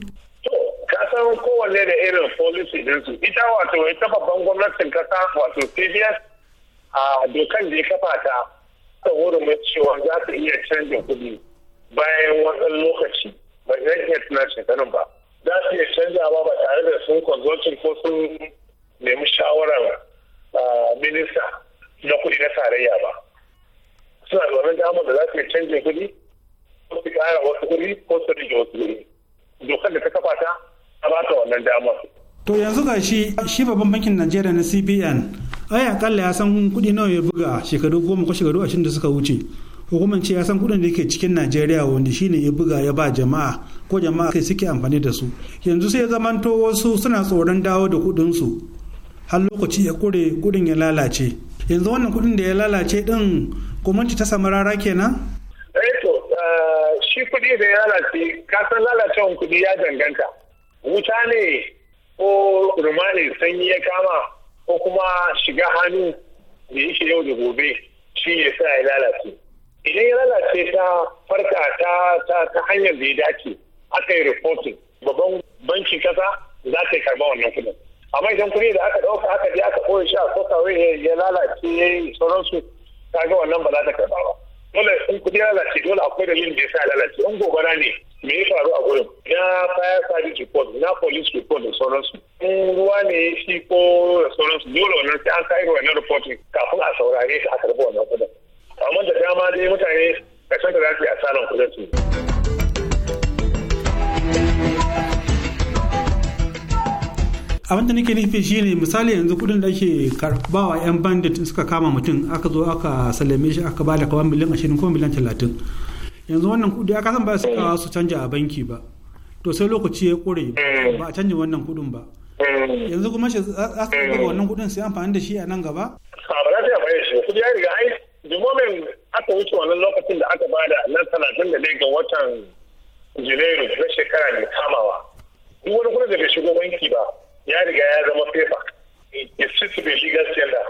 kasan kowanne da irin policy ɗinsu ita wato ita babban gwamnatin kasa wato cbs a dokan da ya kafa ta ta wurin cewa za ta iya canja kuɗi bayan wani lokaci ba zan iya tuna ba za su iya canza ba tare da sun kwanzocin ko sun nemi shawarar minista na kuɗi na tarayya ba suna da wannan damar da za su iya canza kuɗi ko su ƙara wasu kuɗi ko su rage wasu kuɗi dokar da ta kafa ta ta ba ta wannan damar. to yanzu ga shi shi babban bankin najeriya na cbn ai akalla ya san kuɗi nawa ya buga shekaru goma ko shekaru ashirin da suka wuce hukumar ce ya san kudin da ke cikin najeriya wanda shine ya buga ya ba jama'a ko jama'a kai suke amfani da su yanzu sai zamanto wasu suna tsoron dawo da kudin su har lokaci ya kure kudin ya lalace yanzu wannan kudin da ya lalace din gwamnati ta samu rara kenan eh to eh, shi kuɗi da ya lalace kasan lalacewan kuɗi ya danganta wuta ne ko ruma ne sanyi ya kama ko kuma shiga hannu da yake yau da gobe shi ya sa ya lalace idan ya lalace ta farka ta ta hanyar da ya dace aka yi reporting babban bankin kasa za ta karba wannan kudin amma idan kuɗi da aka dauka aka je aka ɓoye sha a kawai ya lalace ya yi sauransu ga wannan ba za ta karba ba dole in ya lalace dole akwai dalilin da ya sa lalace in gobara ne me ya faru a gurin na fire service report na police report da sauransu in ruwa ne ya shi ko da sauransu dole wannan sai an kai wannan reporting kafin a saurare shi a karba wannan kudin amma da dama dai mutane ƙarshen da za su yi asaran kuɗin abin da nake nufi shine misali yanzu kudin da ake karbawa yan bandit suka kama mutum aka zo aka sallame shi aka bada kawan miliyan ashirin ko miliyan talatin yanzu wannan kudi aka san ba su kawo su canja a banki ba to sai lokaci ya kure ba a canja wannan kudin ba yanzu kuma shi za su wannan kudin sai amfani da shi a nan gaba ba za su yi amfani da shi kudi ya riga ai jimomin aka wuce wannan lokacin da aka bada nan talatin da ga watan janairu na shekara mai kamawa in wani kuma da bai shigo banki ba ya riga ya zama fefa it su to be legal tender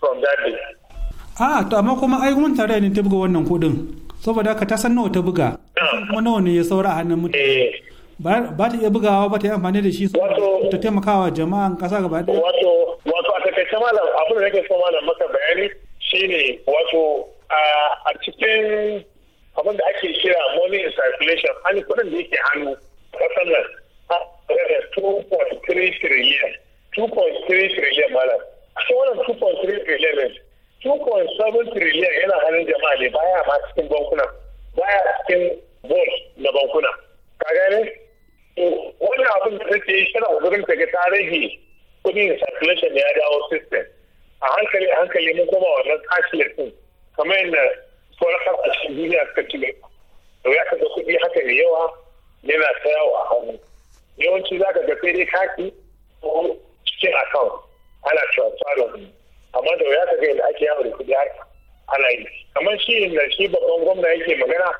from that day a to amma kuma ai mun tare ne ta buga wannan kudin saboda ka ta san nawa ta buga kuma nawa ne ya saura a hannun mutane eh. ba ta iya bugawa ba ta yi amfani da shi ta taimakawa jama'an kasa gaba ɗaya wato wato a takaice malam abin da nake so malam maka bayani shine wato a cikin abin da ake kira money in circulation hannu kudin da yake hannu kasar nan da 2.3 trillion 2.3 trillion malam cikin wannan 2.3 trillion ne 2.7 trillion yana hannun jama'a ne baya ma cikin bankuna baya cikin bol na bankuna ka gane wannan abin da take yi tana kokarin ta ga tarihi kudin circulation ya dawo system a hankali a hankali mun koma wannan cashless din kamar yadda sauran kasashen duniya suka ci gaba to ya kaga kuɗi haka ne yawa yana ta yawa a hannu yawanci za ka ga sai dai kati ko cikin akawun ana transfer da amma da ya kaga yadda ake yawo da kuɗi haka ana yi kamar shi da shi babban gwamna yake magana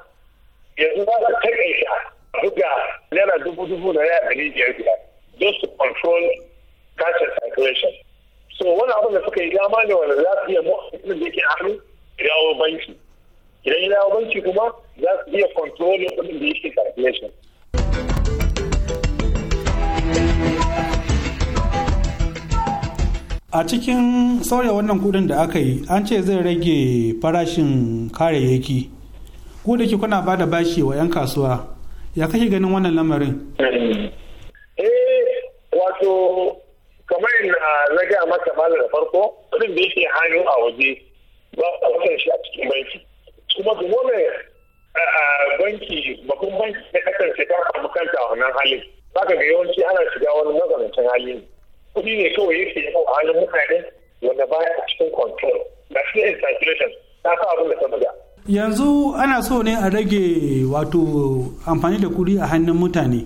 yanzu za ka taƙaita buga naira dubu dubu na naira ɗari biyar biyar just to control cash circulation so wani abin da suka yi dama ne wanda za su iya mutum da yake hannu dawo banki idan ya dawo banki kuma za su iya kontrolin kudin da yake calculation a cikin sauya wannan kudin da aka yi an ce zai rage farashin kayayyaki ko da ke kuna bada bashi wa 'yan kasuwa ya kake ganin wannan lamarin eh wato na ga masa malar da farko kudin da yake hannu a waje ba a wasan shi a cikin banki kuma dole banki babban banki da kasar shiga a kanta a wannan halin zaka ga yawanci ana shiga wani mazanancin hali ne kudi ne kawai yake yi a halin mutane wanda baya cikin control da shi circulation ta sa abin da ta buga yanzu ana so ne a rage wato amfani da kuɗi a hannun mutane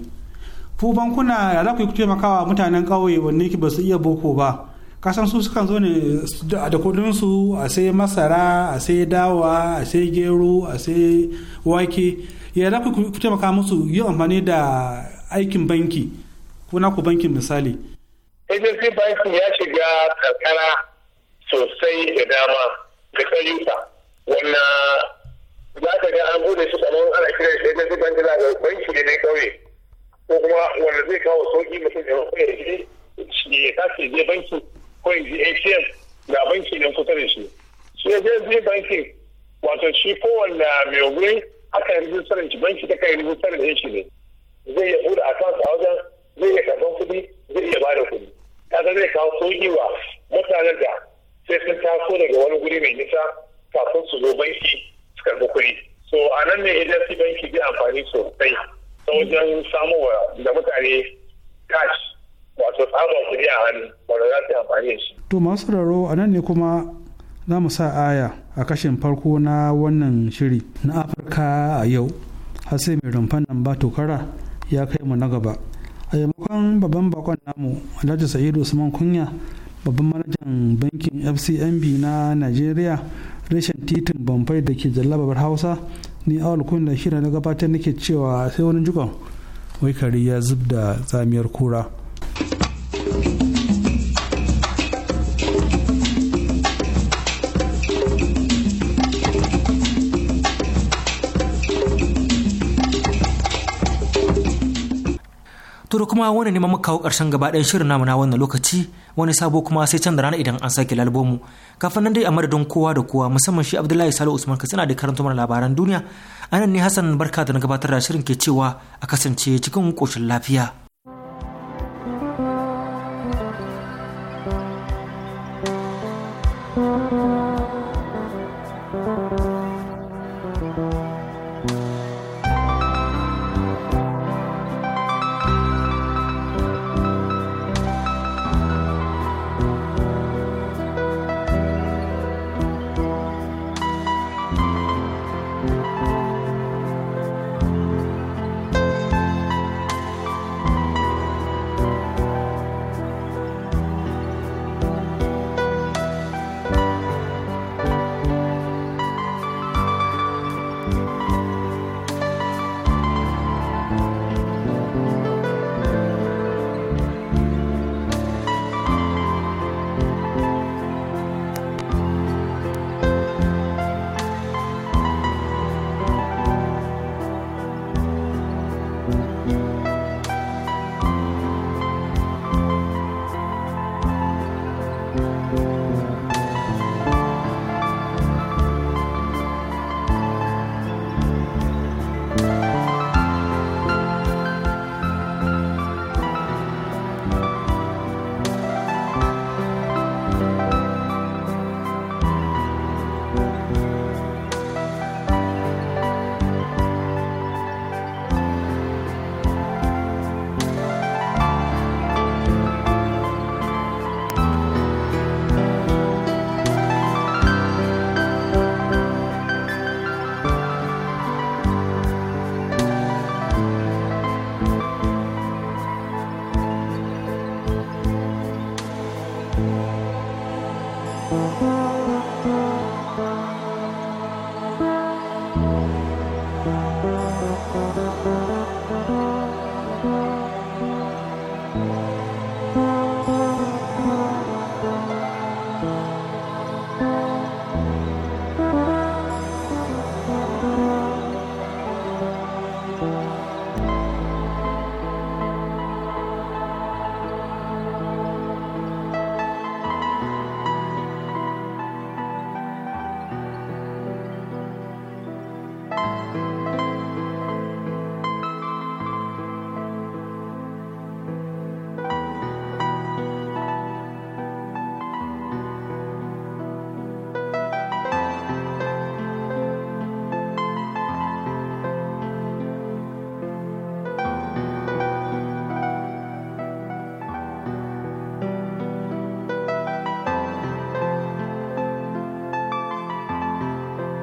ku bankuna ya za ku yi taimakawa mutanen ƙauye wanne ki ba su iya boko ba kasan su sukan zo ne da kudin su a sai masara a sai dawa a sai gero a sai wake ya za ku taimaka musu yi amfani da aikin banki ko na ku bankin misali agency banking ya shiga karkara sosai da dama da ƙauyuka wannan za ka ga an bude su kamar ana kiran shi agency banking da banki ne na ƙauye ko kuma wanda zai kawo sauki mutum ya rufe ya je ya tashi je banki ko ya je atm ga banki nan kusa da shi shi ya je banki wato shi kowanne mai wuri aka yi rijistarar shi banki ta kai rijistarar da shi ne zai iya buɗe akawunsa a wajen zai iya karɓar kuɗi zai iya bada kuɗi kaga zai kawo sauki wa mutanen da sai sun taso daga wani guri mai nisa kafin su zo banki su karɓi kuɗi so a nan ne agency banki bi amfani sosai ta wajen samowa da mutane cash wato tsabar kuɗi a hannu wanda za su amfani shi. To masu sauraro a nan ne kuma za mu sa aya a kashin farko na wannan shiri na Afirka a yau. Har sai mai rumfan nan ba tokara ya kai mu na gaba. A yamakon babban bakon namu Alhaji Sa'idu Usman Kunya babban manajan bankin FCMB na nigeria reshen titin Bamfai da ke jallabar Hausa ni awal alkun da shirya na gabatar nake cewa sai wani jikon wai kare ya zub da tsamiyar kura shiru kuma wani neman muka kawo karshen gaba ɗayan shirin namu na wannan lokaci wani sabo kuma sai can da rana idan an sake lalbomu kafin nan dai a madadin kowa da kowa musamman shi Abdullahi Salo Usman Katsina da karanta mana labaran duniya anan ne Hassan barka da na gabatar da shirin ke cewa a kasance cikin koshin lafiya.